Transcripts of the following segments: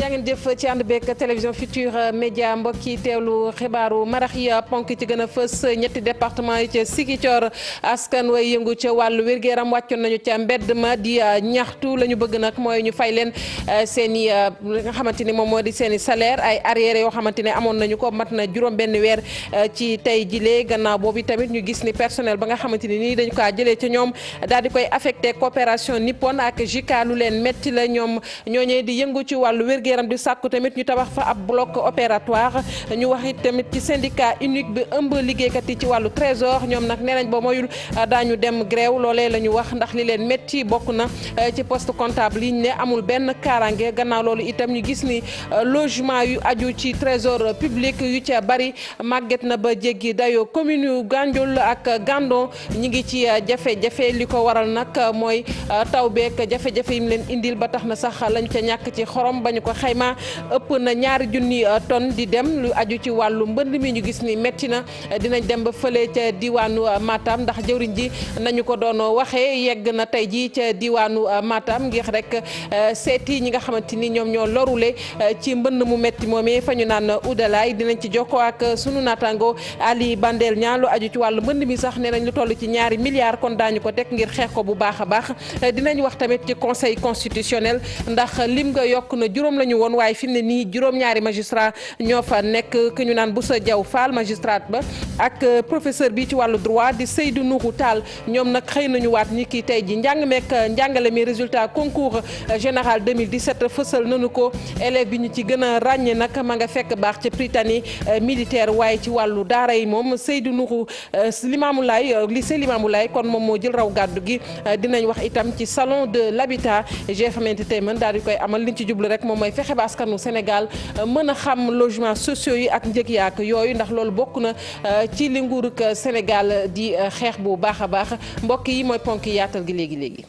jaa ngeen jëf ci ànd beeg télévision Future Média mbokk yi teewlu xibaaru marax yi ponk ci gën a fës ñetti département yi ca Sigicoor askan way yëngu ca wàllu wér-gu-yaram wàccoon nañu ca mbedd ma di euh, ñaxtu la ñu bëgg nag mooy ñu fay leen euh, seen i euh, li nga xamante ni moom moo di seen i salaire ay arriérés yoo xamante ne amoon nañu ko mat na juróom benn weer ci tey jilee gannaaw boobu tamit ñu gis ni personnel ba nga xamante ni nii dañu kaa jëlee ca ñoom daal di koy affecté coopération nippon ak JICA leen métti la ñoom yaram di sàkku tamit ñu tabax fa ab bloc opératoire ñu wax it tamit ci syndicat unique bi ëmb liggéeykat yi ci wàllu trésor ñoom nag nee nañ ba moyul euh, daañu dem grève loole la ñu wax ndax li leen métti bokk na euh, ci poste comptable yi ñu ne amul benn kaaraange gannaaw loolu itam ñu gis ni euh, logement yu aju ci trésor public yu ca bari màgget na ba jéggi dayoo commune yu Gandiol ak Gandon ñi ngi ci jafe-jafe li ko waral nag mooy taw beeg jafe-jafe yi leen indil ba xayma ëpp na ñaari junni euh, ton di dem lu aju ci wàllu mbënn mi ñu gis ni métti na euh, dinañ dem ba fële ca diwaanu euh, maatam ndax jëwriñ ji nañu ko doon waxee yegg na tey ji ca diwaanu Matam ngir rek seeti ñi nga xamante ni ñoom ñoo lorule ci mbënn mu métti moomee fa ñu naan udalaay dinañ ci jokkoo ak sunu naataango Ali Bandel ñaan lu aju ci wàllu mbënn mi sax ne nañ lu toll ci ñaari milliards kon daañu ko teg ngir xeex ko bu baax a baax dinañ wax ñu woon waaye fi ne nii juróom-ñaari magistrat ñoo fa nekk ku ñu naan Boussa Diaw Fall magistrat ba ak euh, professeur bi ci wàllu droit di Seydou Nourou taal ñoom nag xëy nañu waat ni kii tey ji njàng meek euh, njàngale mi résultat concours euh, général 2017 fësal nañu ko élève bi ñu ci gën a ràññee nag ma nga fekk baax ca Prytanée militaire waaye ci wàllu daara yi moom Seydou Nourou Limamoulaye lycée Limamoulaye kon moom moo jël raw gàddu gi dinañ wax itam ci salon de l'habitat GFM Entertainment fexe ba askanu Sénégal euh, mën a xam logement sociaux yi ak njëg yaak yooyu ndax loolu bokk na euh, ci li nguurug Sénégal di euh, xeex bu baax a baax mbokk yi mooy ponk yaatal gi léegi léegi.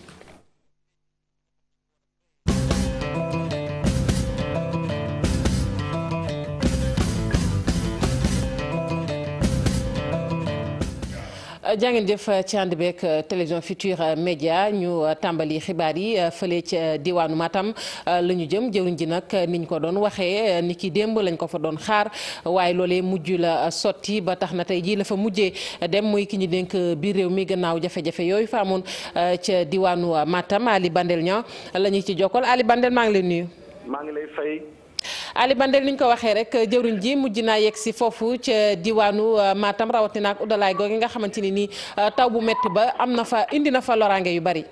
jaa ngeen jëf ci ànd beeg euh, télévision Futurs Médias ñu euh, tàmbali xibaar yi euh, fële ca diwaanu Matam la ñu jëm jëwriñ ji nag ni ñu ko doon waxee ni ki démb lañ ko fa doon xaar waaye loole mujj la sotti ba tax na tey jii la fa mujjee dem muy ki ñu dénk biir réew mi gannaaw jafe-jafe yooyu fa amoon ca diwaanu Matam Ali Bandel ña la ci jokkal Ali Bandel maa ngi lay nuyu. maa ngi lay fay. Ali Bandel ñu ko waxee rek jëruñ ji mujj naa yegg si foofu ca diwaanu uh, maatam rawatina ak Oudalaay googu nga xamante ni nii uh, taw bu métti ba am na fa indi na fa loraange yu bari.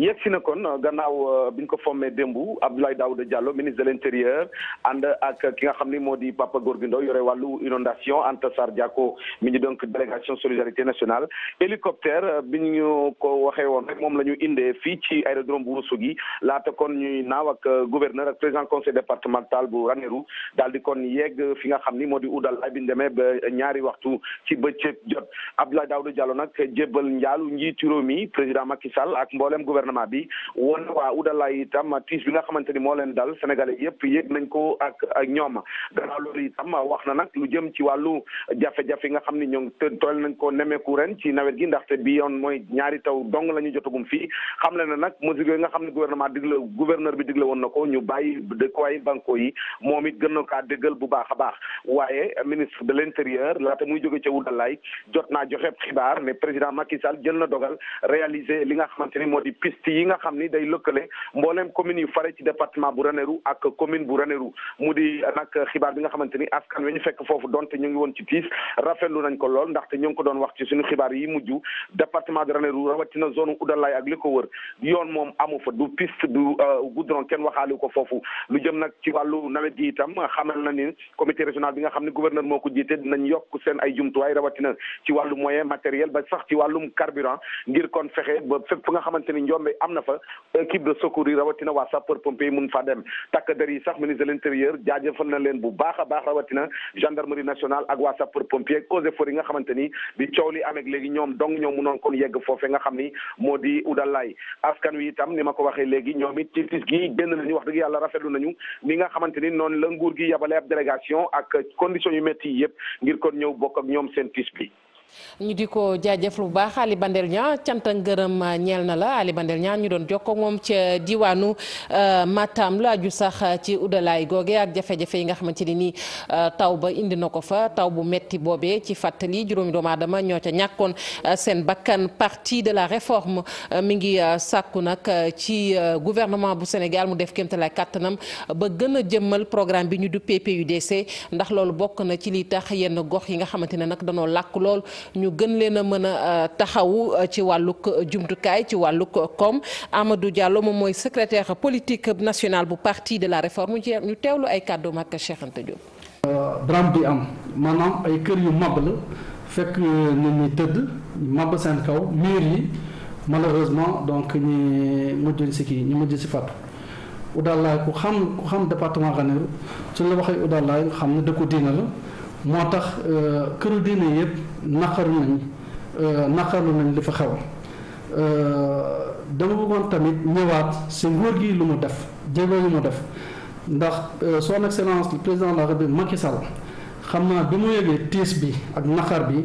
yegg si na kon euh, gannaaw euh, bi ñu ko formé démb Abdoulaye Daouda Diallo ministre de l' intérieur ànd ak ki nga xam ni moo di Papa Gorgui Ndong yore wàllu inondation Anta Sarr Diako mi ñu donc délégation solidarité nationale hélicoptère euh, bi ñu ko waxee woon rek moom la ñu indee fii ci aérodrome bu Ourossogui laata kon ñuy naaw ak gouverneur ak président conseil départemental bu Ranérou daal di kon yegg fi nga xam ni moo di Oudalaye bi ñu ba ñaari waxtu ci bëccëg jot Abdoulaye Daouda Diallo nag jébbal njaalu njiitu réew mi président Macky Sall ak mboolem gouverneur gouvernement bi woon na waa Oudala itam tiis bi nga xamante ni moo leen dal sénégalais yëpp yëg nañ ko ak ak ñoom loolu itam wax na nag lu jëm ci wàllu jafe-jafe nga xam ni ñoom toll nañ ko nemeeku ren ci nawet gi ndaxte bi yoon mooy ñaari taw dong la ñu jotagum fii xam la na nag mesures yooyu nga xam ne gouvernement digle gouverneur bi digle woon na ko ñu bàyyi dëkkuwaay banko yi moom it gën na kaa déggal bu baax a baax waaye ministre de l'intérieur laata muy jóge ca Oudalaay jot naa joxe xibaar liste yi nga xam ni day lëkkale mbooleem commune yu fare ci département bu Ranérou ak commune bu Ranérou mu di nag xibaar bi nga xamante ni askan wi ñu fekk foofu donte ñu ngi woon ci tiis rafetlu nañ ko lool ndaxte ñu ko doon wax ci suñu xibaar yi mujj département de Ranérou rawatina zone Oudalaye ak li ko wër yoon moom amu fa du piste du euh, goudron kenn waxaale ko foofu lu jëm nag ci wàllu nawet gi itam xamal na ni comité régional bi nga xam ne gouverneur moo ko jiite dinañ yokk seen ay jumtuwaay rawatina ci wàllu moyen matériel ba sax ci wàllum carburant ngir kon fexe ba fépp nga tombé am na fa équipe de secours yi rawatina waa sapeur pompier yi mun fa dem takk der yi sax ministre de l'intérieur jaajëfal na leen bu baax a baax rawatina gendarmerie nationale ak waa sapeur pompier eaux et forêts yi nga xamante ni bi coow li amee léegi ñoom dong ñoom munoon kon yegg foofe nga xam ni moo di udalaay askan wi itam ni ma ko waxee léegi ñoom it ci tis gi génn nañu wax dëgg yàlla rafetlu nañu ni nga xamante ni noonu la nguur gi yabale ab délégation ak condition yu métti yëpp ngir kon ñëw bokk ak ñoom seen tis bi ñu di ko jaajëf lu baax Ali Bandel Niang cant ak ngërëm euh, ñeel na la Ali ñaa ñu doon jokkoo moom ca diwaanu euh, Matam la aju sax ci uddalaay googe ak jafe-jafe yi nga xamante ni nii euh, taw ba indi na ko fa taw bu metti boobee ci fàttali juróomi doomu aadama ñoo ca ñàkkoon seen bakkan partie de la réforme mi ngi sàkku nag ci gouvernement bu Sénégal mu def kéemtalaay kàttanam ba gën a jëmmal programme bi ñu duppee PUDC ndax loolu bokk na ci li tax yenn gox yi nga xamante ne nag danoo làkk lool ñu gën leen a mën a euh, taxawu euh, ci wàllu euh, jumtukaay ci wàllug koom Amadou Diallo moom mooy secretaire politique nationale bu parti de la réforme ñu teewlu ay kàddu ak Cheikh Anta Diop. drame bi am maanaam ay kër yu mab la fekk nit ñi tëdd mab seen kaw miir yi malheureusement donc ñi mujj si kii mujj si fàttu Oudallaye ku xam ku xam département Ranérou su la waxee Oudallaye xam ne dëkku diina la moo tax këru diine yëpp. naqar naqaru nañ euh, naqarlu nañ li fa xew euh, dama bëggoon tamit ñëwaat si nguur gi lu mu def jéego lu mu def ndax euh, son excellence le président de la république ma Sall xam naa bi mu yëgee tiis bi ak naqar bi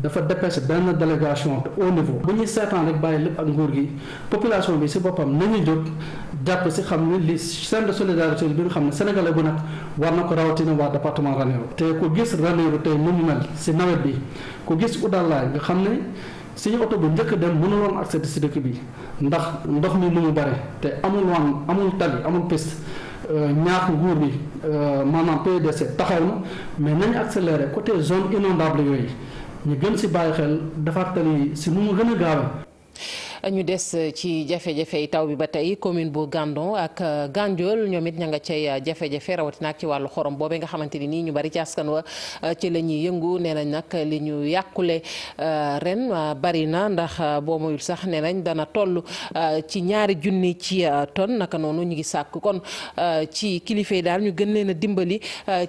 dafa dépêché benn délégation de niveau bu ñuy seetaan rek bàyyi lépp ak nguur gi population bi si boppam nañu jóg jàpp si xam ne li chaîne de solidarité bi nga xam ne sénégalais bu nag war na ko rawatina waa département Ranérou te ku gis Ranérou tey nu mu mel nawet bi ku gis Oudalaye nga xam ne suñu oto bu njëkk dem mënuloon accès si dëkk bi ndax ndox mi nu mu bare te amul wan amul tali amul piste euh, ñaax nguur bi euh, maanaam PDC taxaw na mais nañu accéléré côté zone inondable yooyu ñu gën si bàyyi xel defar tali yi si nu mu gën a gaawee ñu des ci jafe-jafe taw bi ba tey commune bu Gandon ak Gandiol ñoom it ña nga cay jafe-jafe rawatina ak ci wàllu xorom boobe nga xamante ni nii ñu bari ci askan wa ci la ñuy yëngu nee nañ nag li ñu yàqule euh, ren euh, bari na ndax euh, boo moyul sax nee nañ dana toll ci ñaari junni ci ton naka noonu ñu ngi sàkk kon ci kilifa yi daal ñu gën leen a dimbali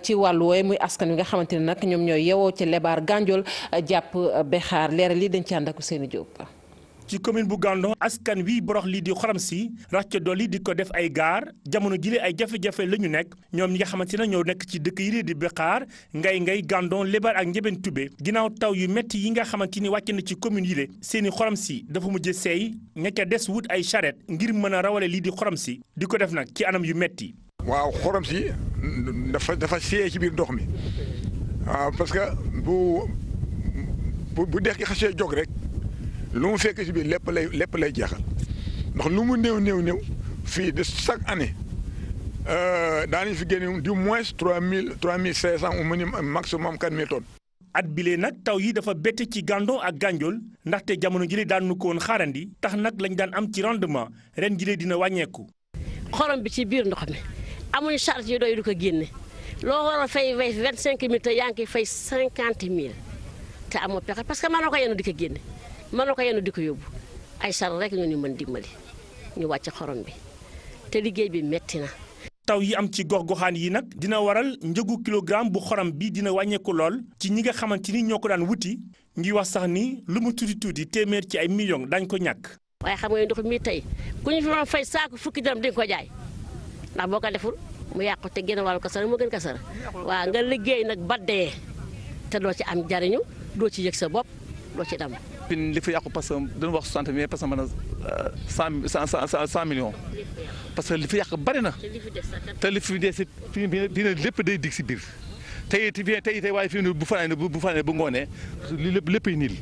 ci wàllu wooye muy askan wi nga xamante ne nag ñoom ñooy yewoo ci lebaar Gandiol jàpp bexaar leeral li dañ ci ànd ak Ousseynou Diop ci commune bu Gandon askan wi borox lii di xorom si rax ca dolli di ko def ay gaar jamono jile ay jafe-jafe la ñu nekk ñoom ñi nga xamante ne ñoo nekk ci dëkk yi di Bexaar ngay ngay Gandon lebar ak Ndiébène Toubé ginnaaw taw yu métti yi nga xamante ni wàcc na ci commune yi seeni xorom si dafa mujj seey ña ca des wut ay charrette ngir mën a rawale lii di xorom si di ko def nag ci anam yu metti waaw xorom si dafa dafa seey ci biir ndox mi waaw parce que bu bu dex gi xasee rek. lu mu fekk ci biir lépp lay lépp lay jeexal ndax lu mu néw néew néew fii de chaque année euh, daanañu fi génne du moins trois mille trois mille cinq cent au minimum maximum quatre mille tonnes. at bile nag taw yi dafa bette ci Gandon ak Gandiol ndaxte jamono jile daan nu ko woon xaarandi tax nag lañ daan am ci rendement ren jile dina wàññeeku. xorom bi ci biir ndox mi amuñu charge yu doy du ko génne loo war a fay vingt cinq mille te yaa ngi fay cinquante mille te amoo pexe parce que mën na ko yenu di ko génne. man na ko yenu di ko yóbbu ay sar rek ñu mën dimbali ñu wàcc xorom bi te liggéey bi metti na. taw yi am ci gox-goxaan yi nag dina waral njëgu kilogramme bu xorom bi dina wàññeeku lool ci ñi nga xamante ni ñoo ko daan wuti ngi wax sax ni lu mu tuuti tuuti téeméer ci ay million dañ ko ñàkk. waaye xam nga ndox mi tey ku ñu fi ma fay saako fukki dërëm dañ ko jaay ndax boo ko deful mu yàqu te génn wàllu kasara moo gën kasara waaw nga liggéey nag ba dee te doo ci am jariñu doo ci yëg sa bopp doo ci dam Pine li fi yàqu parce que dañu wax soixante mais parce que euh, parce que li fi yàq bari na te li fi des fi dina lépp day dig si biir tey tey tey waaye fii bu fanaane bu fanaane bu ngoonee li lépp léppay niil.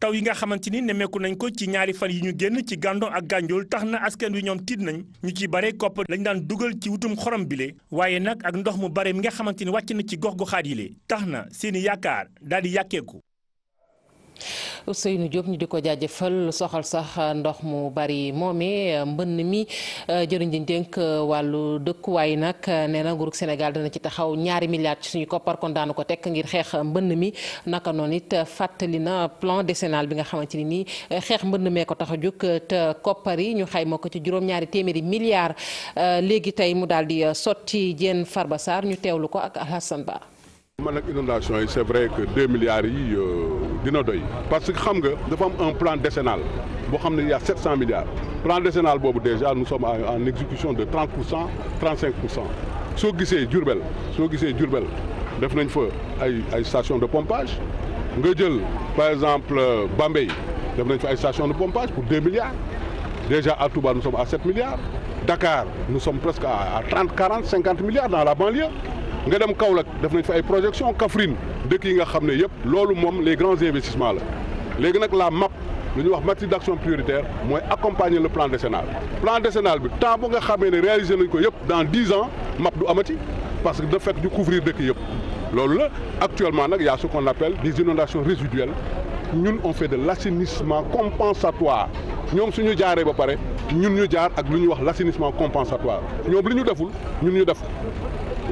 taw yi nga xamante ni nemmeeku nañ ko ci ñaari fan yi ñu génn ci Gandon ak Gandiol tax na askan wi ñoom tiit nañ ñu ci bare kopp lañ daan dugal ci wutum xorom bile waaye nag ak ndox mu bare mi nga xamante ni wàcc na ci gox goxaat yi le tax na seeni yaakaar daal yàkkeeku Ousseynou Diop ñu di ko jaajëfal lu soxal sax ndox mu bari moome mbënn mi jëriñ di dénk wàllu dëkkuwaay nag euh, nee na nguurug Sénégal dana ci taxaw ñaari milliards ci suñu koppar kon daanu ko tekk ngir xeex mbënn mi naka noon it euh, fàttali na de décennal bi nga xamante ni nii euh, xeex mbënn mee ko tax a jóg te koppar yi ñu xayma ko ci juróom-ñaari téeméeri milliards léegi tey mu daal di sotti Diène Farba Sarr ñu teewlu ko ak Alhassane Ba. man nag inondation yi c'est vrai que deux milliards yi euh, dina doy parce que xam nga dafa am un plan décennal boo xam ne il a sept cent milliards plan décennal boobu déjà nous sommes en exécution de trente pour cent trente cinq pour cent soo gisee Diourbel soo gisee Diourbel def nañ fa ay ay station de pompage nga jël par exemple euh, Bambey def nañ fa ay station de pompage pour deux milliards déjà à Touba nous sommes à sept milliards Dakar nous sommes presque à trente quarante cinquante milliards dans la banlieue nga dem Kaolack def nañ fa ay projection Kaffrine dëkk yi nga xam ne yëpp loolu moom les grands investissements la léegi nag la MAP lu ñuy wax matrice d' action prioritaire mooy accompagner le plan décennal plan décennal bi temps bu nga xamee ne réalisé nañ ko yëpp dans dix ans MAP du amati parce que da fekk ñu couvrir dëkk yëpp loolu la actuellement nag y a ce qu'on appelle des inondations résiduelles ñun on fait de l' assainissement compensatoire ñoom suñu jaaree ba pare ñun ñu jaar ak lu ñuy wax l' assainissement compensatoire ñoom li ñu deful ñun ñu def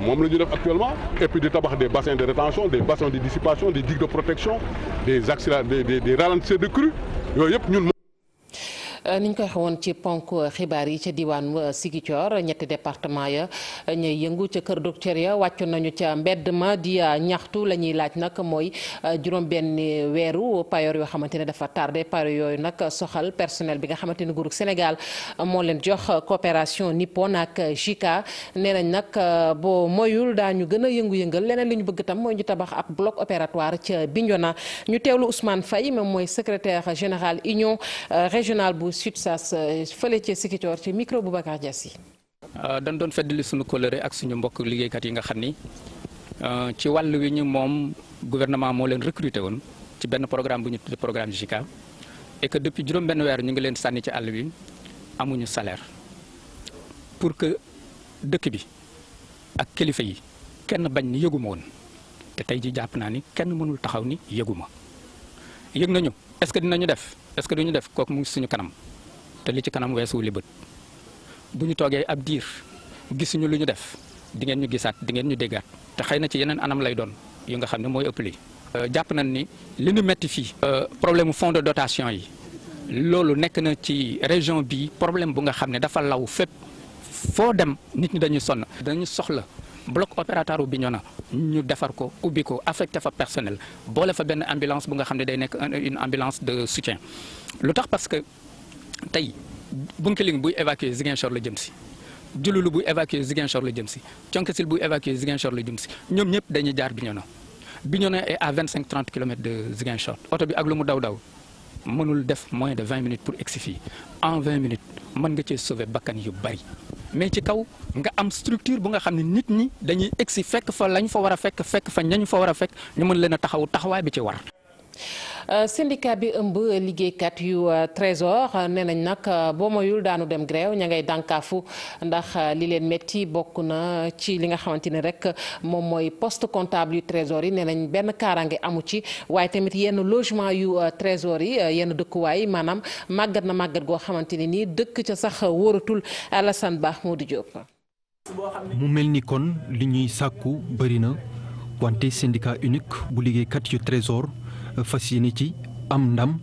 moom la ñu def actuellement et puis di tabax des bassins de rétention des bassins de dissipation des digues de protection des accélérateurs des des des ralentisseurs de crue yooyu yëpp ñun. ni euh, niñ koy xewoon ci ponk xibaar yi ca diwaan Sigicoor euh, ñetti département ya ñuy yëngu ca kër docteur ya wàccu nañu ca mbedd ma di euh, ñaxtu la ñuy laaj nag mooy juróom benn weeru payoor yoo xamante ne dafa tardé payoor yooyu nag soxal personnel bi nga xamante ne nguurug Sénégal moo leen jox coopération Nippon ak JICA nee nañ nag boo moyul daañu gën a yëngu-yëngal leneen li ñu bëgg tam mooy ñu tabax ak bloc opératoire ca Bignona ñu teewlu Ousmane Faye moom mooy secrétaire général bu SUTSAS fële ca Sikicoor ci micro Boubacar Dias yi. Euh, dañ doon feddali suñu kóllëre ak suñu mbokk liggéeykat yi nga xam ni euh, ci wàll wi ñu moom gouvernement moo leen recruter woon ci benn programme bu ñu tudd programme JICA et que depuis juróom benn weer ñu ngi leen sànni ci àll bi amuñu salaire pour que dëkk bi ak kilifa yi kenn bañ ni yëguma woon te tey ji jàpp naa ni kenn mënul taxaw ni yëguma yëg nañu est-ce que dinañu def est-ce que duñu def kooku mu ngi suñu kanam te li ci kanam weesuwu li bët bu ñu toogee ab diir gisuñu lu ñu def di ngeen ñu gisaat di ngeen ñu déggaat te xëy na ci yeneen anam lay doon yu nga xam ne mooy ëpp lii. Euh, jàpp nañ ni li ñu metti fii. Euh, problème fond de dotation yi loolu nekk na ci région bi problème bu nga xam ne dafa law fépp foo dem nit ñi dañuy sonn dañu soxla. bloc opératoire bi Bignona ñu defar ko ubbi ko affecte fa personnel boole fa benn ambulance bu nga xam ne day nekk une ambulance de soutien lu tax parce que tey Bounkiling buy évacuer Ziguinchor la jëm si Diouloulou buy évacuer Ziguinchor la jëm si Thionckassil buy évacuer Ziguinchor la jëm si ñoom ñëpp dañuy jaar Bignona Bignona est à vingt cinq trente kilomètres de Ziguinchor oto bi ak lu mu daw daw mënul def moins de vingt minutes pour egsi fii en vingt minutes mën nga cee sauver bakkan yu bari mais ci kaw nga am structure bu nga xam ne nit ñi dañuy egsi fekk fa lañ fa war a fekk fekk fa ñañ fa war a fekk ñu mën leen a taxawu taxawaay bi ci war. Euh, syndicat bi ëmb liggéeykat yu euh, trésor euh, nee nañ nag boo moyul daanu dem grève ña ngay dànkaafu ndax li leen métti bokk na ci li nga xamante ne rek moom mooy poste comptable yu trésor yi nee nañ benn kaaraange amu ci waaye tamit yenn logement yu trésor yi yenn dëkkuwaay maanaam màggat na màggat goo xamante ne nii dëkk ca sax wóoratul Alassane Ba Modou Diop. mu ni kon li ñuy sàkku bëri na wante bu liggéeykat yu trésor fas yéene ci am ndam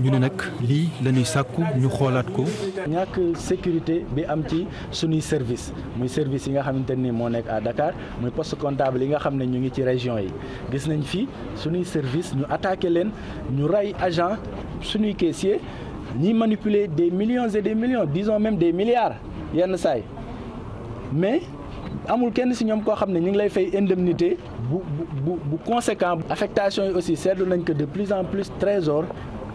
ñu ne nag lii la ñuy sàkku ñu xoolaat ko. ñàkk sécurité bi am ci sunuy service muy service yi nga xamante ni moo nekk à Dakar muy poste comptable yi nga xam ne ñu ngi ci région yi gis nañ fi sunuy service ñu attaqué leen ñu ray agent suñuy caissier ñiy manipuler des millions des millions disons même des milliards yenn saay mais. amul kenn si ñoom koo xam ne ñu ngi lay fay indemnité bu bu bu conséquent affectation yi aussi seetlu nañ ko de plus en plus trésor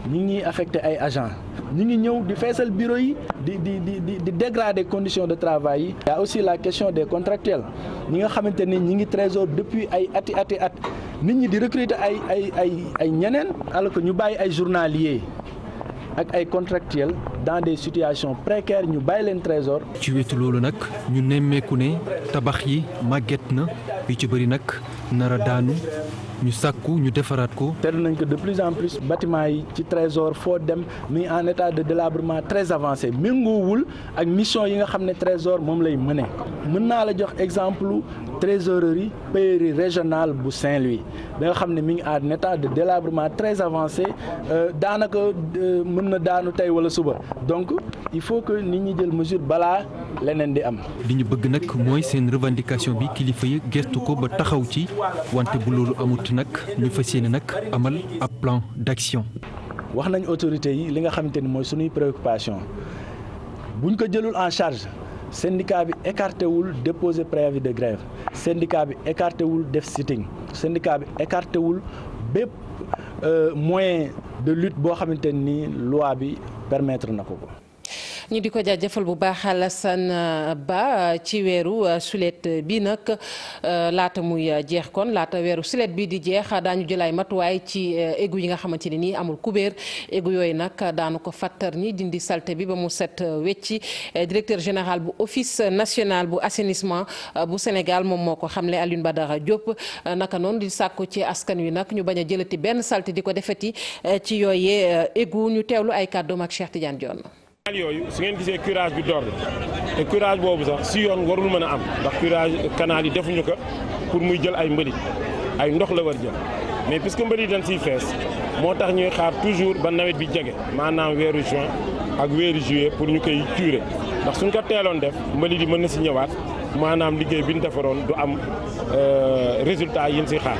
ñi ngi affecté ay agents ñu ngi ñëw di feesal bureau yi di di di di di dégrader conditions de travail yi. y aussi la question des contractuels ñi nga xamante ni ñi ngi trésor depuis ay ati ati at nit ñi di recruter ay ay ay ay ñeneen alors que ñu bàyyi ay journaliers. ak ay contractuels dans des situations précaires ñu bàyyi leen trésor. ci wetu loolu nag ñu nemmeeku ne tabax yi màgget na yu ci bëri nag. nara daanu ñu sàkku ñu defaraat ko. teel nañ ko de plus en plus bâtiment yi ci trésor foo dem mi ngi en état de délabrement très avancé méngoowul ak mission yi nga xam ne trésor moom lay mëne mën naa la jox exemple trésorerie pairie régionale bu Saint-Louis bi nga xam ne mi ngi en état de délabrement très avancé euh, daanaka euh, mën na daanu tey wala suba donc il faut que nit ñi jël mesure balaa leneen di am. li ñu bëgg nag mooy seen revendication bi kilifa yi gestu ko ba taxaw ci. wante bu loolu amut nag ñu fas yéene nag amal ab plan d'action. wax nañ autorité yi li nga xamante ni mooy suñuy préoccupation buñ ko jëlul en charge syndicat bi écarté wul déposer préavis de grève syndicat bi écarté wul def sitting syndicat bi écarté wul bépp euh, moyen de lutte boo xamante ni loi bi permettre na ko ko. ñu di ko jaajëfal bu baax Alassane euh, Ba ci weeru euh, sulet bi nag euh, laata muy jeex kon laata weeru sulet bi di jeex daañu jëlaay matuwaay ci égout yi nga xamante ne nii amul kubéer égout yooyu nag daanu ko fàttar ñi dindi salte bi ba mu set wecci directeur général bu office national bu assenissement bu Sénégal moom moo ko xamle Alioune Badara Diop naka noonu di sàkku ci askan wi nag ñu bañ a jëlati benn salte di ko defeti ci yooyee égout ñu teewlu ay kàddoom ak Cheikh Tidiane canal yooyu su ngeen gisee curage bi door te curage boobu sax si yoon warul mën a am ndax curage canal yi defuñu ko pour muy jël ay mbalit ay ndox la war jël mais puisque mbalit dañ siy fees moo tax ñuy xaar toujours ba nawet bi jege maanaam weeru juin ak weeru juillet pour ñu koy curer ndax suñ ko teeloon def mbalit yi mën na si ñëwaat maanaam liggéey bi ñu defaroon du am euh, résultat yi ñu si xaar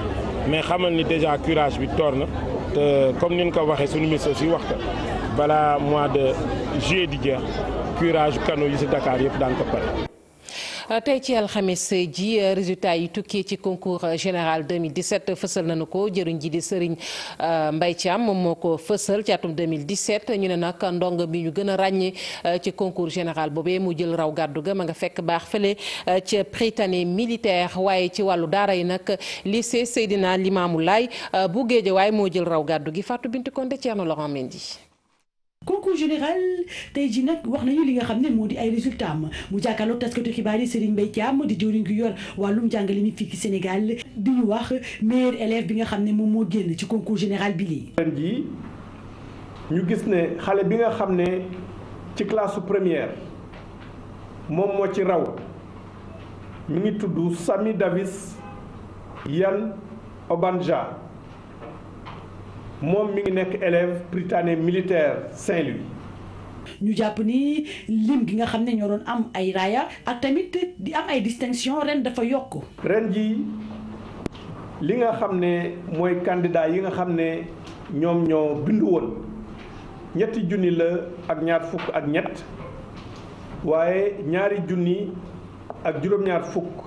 mais xamal ni déjà curage bi door na te comme ni ñu ko waxee suñu ministre si wax ko balaa mois de juillet di jeex curage canaux yi si Dakar yëpp daan ko pare. Euh, tey ci alxames ji euh, résultat yi tukkee ci concours général 2017 fësal nañu ko jëriñ ji di Serigne euh, Mbaye Thiam moom moo ko fësal ci atum 2017 ñu ne nag ndongo bi ñu gën ràññee ci concours général boobee mu jël raw gàddu ga ma nga fekk baax fële ca Prytanée militaire waaye ci wàllu daara yi nag lycée Seydina Limamou laay bu waaye moo jël raw gàddu gi Fatou Bintou kon Thierno Laurent Mendy concours général tey ji nag wax nañu li nga xam ne moo di ay résultat am mu jàkkaarloog taskatu xibaar yi Serigne Mbaye Thiam di jëwriñ gu yor wàllum jàngale mi fii ci Sénégal di ñu wax meilleur élève bi nga xam ne moom moo génn ci concours général bi lii. ren jii ñu gis ne xale bi nga xam ne ci classe première moom moo ci raw mi ngi tudd Sami Davis Yann Obanja. moom mi ngi nekk élève prytanée militaire Saint-Louis. ñu jàpp ni lim gi nga xam ne ñoo doon am ay raaya ak tamit di am ay distinction ren dafa yokk. ren ji li nga xam ne mooy candidat yi nga xam ne ñoom ñoo bind woon ñetti junni la ak ñaar fukk ak ñett waaye ñaari junni ak juróom-ñaar fukk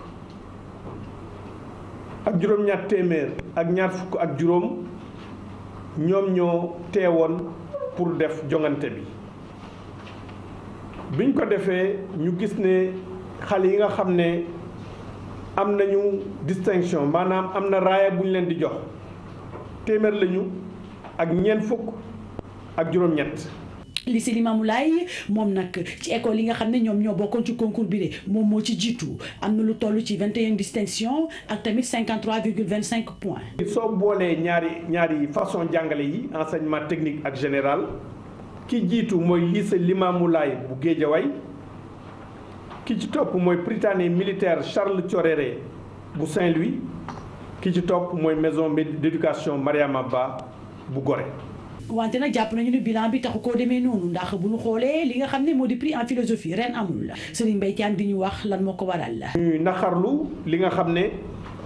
ak juróom-ñaar téeméer ak ñaar fukk ak juróom. ñoom ñoo teewoon pour def jongante bi biñ ko defee ñu gis ne xale yi nga xam ne am nañu distinction maanaam am na raaya bu ñu leen di jox téeméer lañu ak ñeent fukk ak juróom-ñett lycée Limamou Laye moom nag ci école yi nga xam ne ñoom ñoo bokkoon ci concours bi moom moo ci jiitu am na lu toll ci 21 distinction ak tamit 53 virgule 25 points. soo boolee ñaari ñaari façon jàngale yi enseignement technique ak général ki jiitu mooy lycée Limamou Laye bu Géejawaay ki ci topp mooy Prytanée militaire Charles Thioréré bu Saint-Louis ki ci topp mooy maison d'éducation Mariama Ba bu Gorée. wante na jàpp nañu ne bilan bi taxu koo demee noonu ndax bu ñu xoolee li nga xam ne moo di prix en philosophie ren amul Serigne Mbaye Thiam di ñu wax lan moo ko waral la. ñuy naxarlu li nga xam ne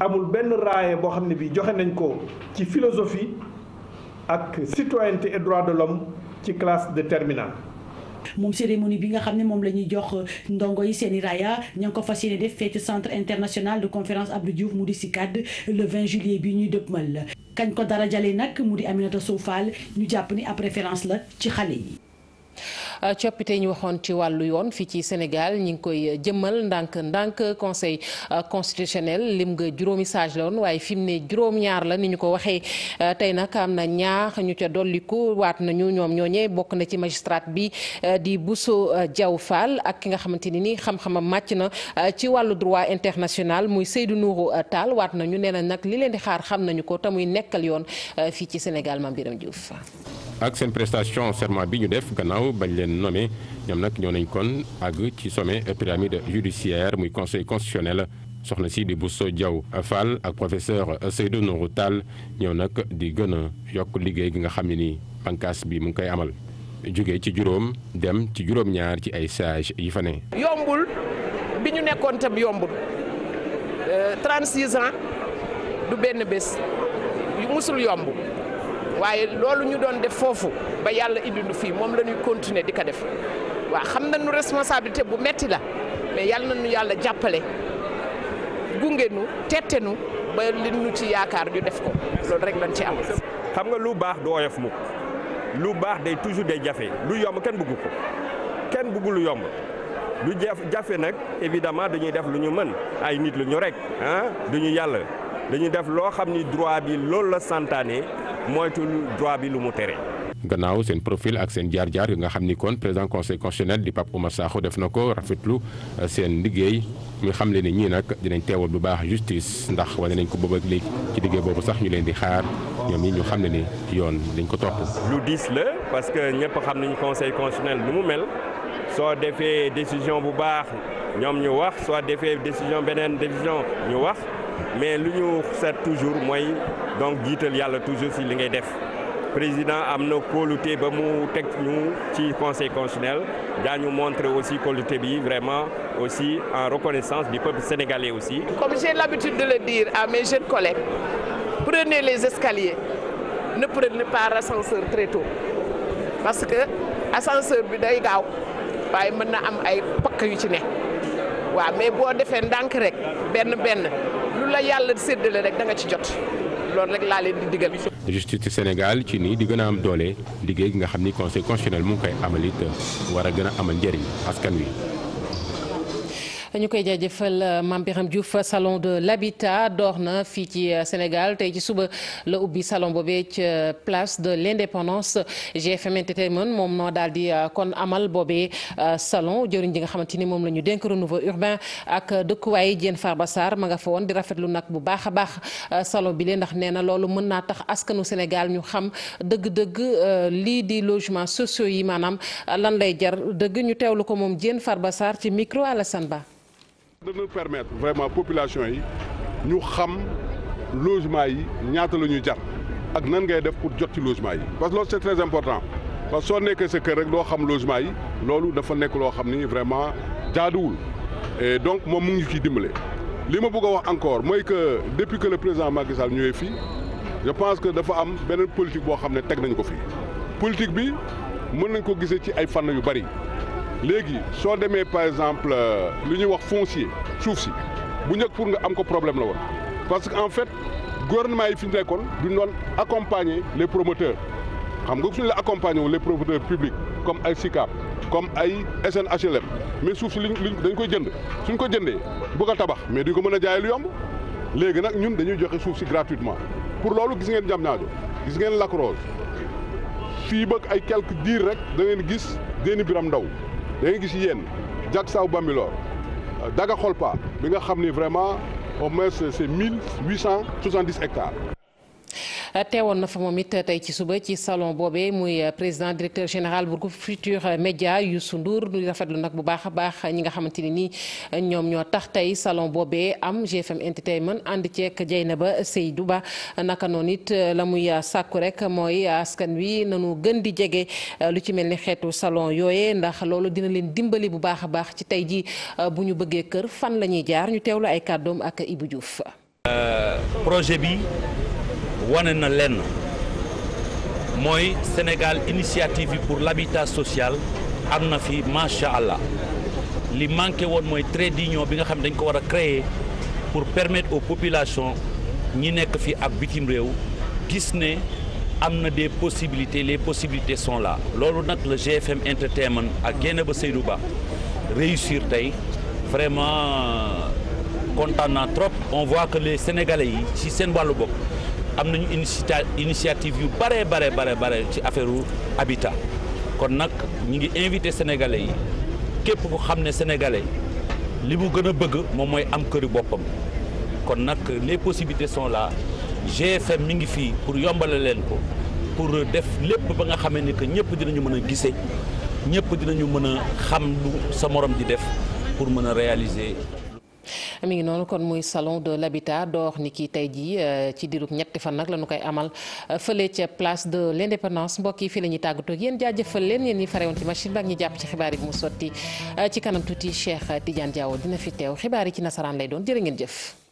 amul benn raaye boo xam ne bi joxe nañ ko ci philosophie ak citoyenneté et droit de l'homme ci classe de terminale. moom cérémonie bi nga xam ne moom la ñuy jox ndongo yi seen i raaya ña ko fas yéene def fee centre international de conférence Abdou Diouf mu di CICAD le 20 juillet bi ñuy dëppmal. kañ ko dara jale nag mu di Aminata Sow Fall ñu jàpp ni ab référence la ci xale yi. coppite yi ñu waxoon ci wàllu yoon fii ci Sénégal ñi ngi koy jëmal ndànk ndànk conseil euh, constitutionnel lim nga juróomi sage la waaye fi mu ne juróom-ñaar la ni ñu ko waxee euh, tey nag am na ñaax ñu ca dolliku waat nañu ñoom ñooñee bokk na ci magistrat bi euh, di Bousso Diaw Fall ak ki nga xamante ni nii xam-xamam màcc na ci wàllu droit international muy Seydou Nourou Tall waat nañu nee na nag li leen di xaar xam nañu ko te muy nekkal yoon fii ci Sénégal Mame Birame Diouf ak seen prestation serment bi ñu def gannaaw bañ leen nommé ñoom nag ñoo nañ kon àgg ci sommet pyramide judiciaire muy conseil constitutionnel soxna si di Bousso Diaw Fall ak professeur Seydou Nourou Tall ñëw nag di gën a yokk liggéey gi nga xam ne ni bànqaas bi mu ngi koy amal jóge ci juróom dem ci juróom-ñaar ci ay sage yi fa ne. yombul bi ñu nekkoon tam yombul 36 euh, du benn bés musul yomb. waaye loolu ñu doon def foofu ba yàlla indi nu fii moom la ñuy continuer di ko def waa xam nañu responsabilité bu metti la mais yàlla nañu yàlla jàppale gunge nu tette nu ba li nu ci yaakaar ñu def ko loolu rek lañ ci am. xam nga lu baax du oyof mukk lu baax day toujours day jafe lu yomb kenn bëggu ko kenn bëggu lu yomb. lu jafe nag évidemment dañuy def lu ñu mën ay nit lu ñu rek ah du ñu yàlla dañuy def loo xam ni droit bi loolu la santaane moytul droit bi lu mu tere. gannaaw seen profil ak seen jaar-jaar yu nga xam ni kon président conseil constitutionnel di Pape Oumar Sakho def na ko rafetlu euh, seen liggéey ñu xam le ni ñii nag dinañ teewal bu baax justice ndax wane nañ ko bëgg ak léegi liggéey boobu sax ñu leen di xaar ñoom yi ñu xam ne ni yoon dañ ko topp. lu diis la parce que ñëpp xam nañu conseil constitutionnel nu mu mel soo defee décision bu baax ñoom ñu wax soo defee décision beneen décision ñu wax. mais lu ñu seet toujours mooy donc jiital yàlla toujours si li ngay def président am na kóolute ba mu teg ñu ci conseil constitutionnel daañu montrer aussi kóolute bi vraiment aussi en reconnaissance du peuple sénégalais aussi. comme j'ai l'habitude de le dire à mes jeunes collègues prenez les escaliers ne prenez pas l'ascenseur très tôt parce que ascenseur bi day gaaw waaye mën na am ay pakk yu ci ne waaw mais boo defee ndànk rek benn benn. lu la yàlla séddale rek da nga ci jot loolu rek laa leen di digal. justice Sénégal ci nii di gën a am doole liggéey gi nga xam ni conseil constitutionnel mu ngi koy amalit war a gën a amal njëriñ askan wi. dañu koy jaajëfal euh, Mame Birame Diouf salon de l'habitat door na fii ci euh, Sénégal tey ci suba la ubbi salon boobee ci euh, place de l'indépendance GFM mën moom moo daal di kon amal boobee salon jëriñ ji nga xamante ni moom la ñu dénk renouveau urbain ak dëkkuwaay Diène Farba Sarr ma nga fa woon di rafetlu nag bu baax a baax salon bi lee ndax nee na loolu mën naa tax askanu Sénégal ñu xam dëgg-dëgg lii di logement sociaux yi maanaam lan lay jar dëgg ñu teewlu ko moom Diène Farba Sarr ci micro Alassane dana permettre vraiment population yi ñu xam logement yi ñaata la ñuy jar ak nan ngay def pour jot ci logement yi parce que loolu c'est très important parce soo nekkee sa kër rek doo xam logement yi loolu dafa nekk loo xam ni vraiment jaaduwul et donc moom mu ngi ciy dimbale. lii ma bëgg a wax encore mooy que depuis que le président Macky ñëwee fii je pense que dafa am beneen politique boo xam ne teg nañ ko fii politique bi mën nañ ko gisee ci ay fànn yu bari léegi soo demee par exemple euh, lu ñuy wax foncier suuf si bu njëkk pour nga am ko problème la woon parce que en fait gouvernement yi fi ñu nekkoon duñ doon accompagner les promoteurs xam nga suñu la accompagner wu les promoteurs publics comme ay SICAP comme ay SNHLM mais suuf si liñ liñ dañ koy jënd suñ ko jëndee bu a tabax mais duñ ko mën a jaay lu yomb léegi nag ñun dañuy joxe suuf si gratuitement pour loolu gis ngeen jam Diamniadio gis ngeen Lac Rose fii ba ay quelques diir rek da ngeen gis Déni Biram Ndaw da ngay gis yéen jag saw bambilor daga xolpa bi nga xam ni vraiment au moins c'est mille huit cent soixante-dix hectares teewoon na fa moom it tey ci suba ci salon boobee muy euh, président directeur général bu groupe Futur Média Youssou Ndour ñu rafetlu nag bu baax a baax ñi nga xamante ne nii ñoom ñoo tax tey salon boobee am GFM Entertainment ànd ceeg Dieynaba Seydou Ba naka noon it euh, la muy euh, sàkku rek mooy askan wi nanu gën di jege lu ci mel ni xeetu salon yooye ndax loolu dina leen dimbali bu baax a baax ci tey ji bu ñu bëggee kër fan la ñuy jaar ñu teewlu ay kàddoom ak Ibou Diouf projet wane na lenn mooy Sénégal initiative yi pour l'habitat social am na fi macha allah li manqué woon mooy trait bi nga xam dañ ko war a créer pour permettre aux populations ñi nekk fi ak bitim réew gis ne am na des possibilités les possibilités sont là loolu nag la GFM entertainment ak Dieynaba Seydou Ba réussir tey vraiment euh, kontaan naa trop on voit que les yi ci seen wàllu bopp am nañu initiative yu bare bare bare bare ci affaire habitat kon nag ñi ngi invité sénégalais yi képp ku xam ne sénégalais li mu gën a bëgg moom mooy am këri boppam kon nag les possibilités la là GFM mi ngi fii pour yombale leen ko pour def lépp ba nga xamee ni que ñëpp dinañu mën a gisee ñëpp dinañu mën a xam lu sa morom di def pour mën a réaliser mi ngi noonu kon muy salon de l'habitat door ni kii tey jii euh, ci diirub ñetti fan nag la ñu koy amal euh, fële ca place de l'indépendance mbokk yi fii la ñuy tàggatoo ak yéen jaajëfal leen yéen ñi farewoon ci machine ba ñi jàpp ci xibaar yi mu sotti euh, ci kanam tuuti Cheikh Tidiane Diawo dina fi teew xibaar yi ci nasaraan lay doon jërë ngeen jëf.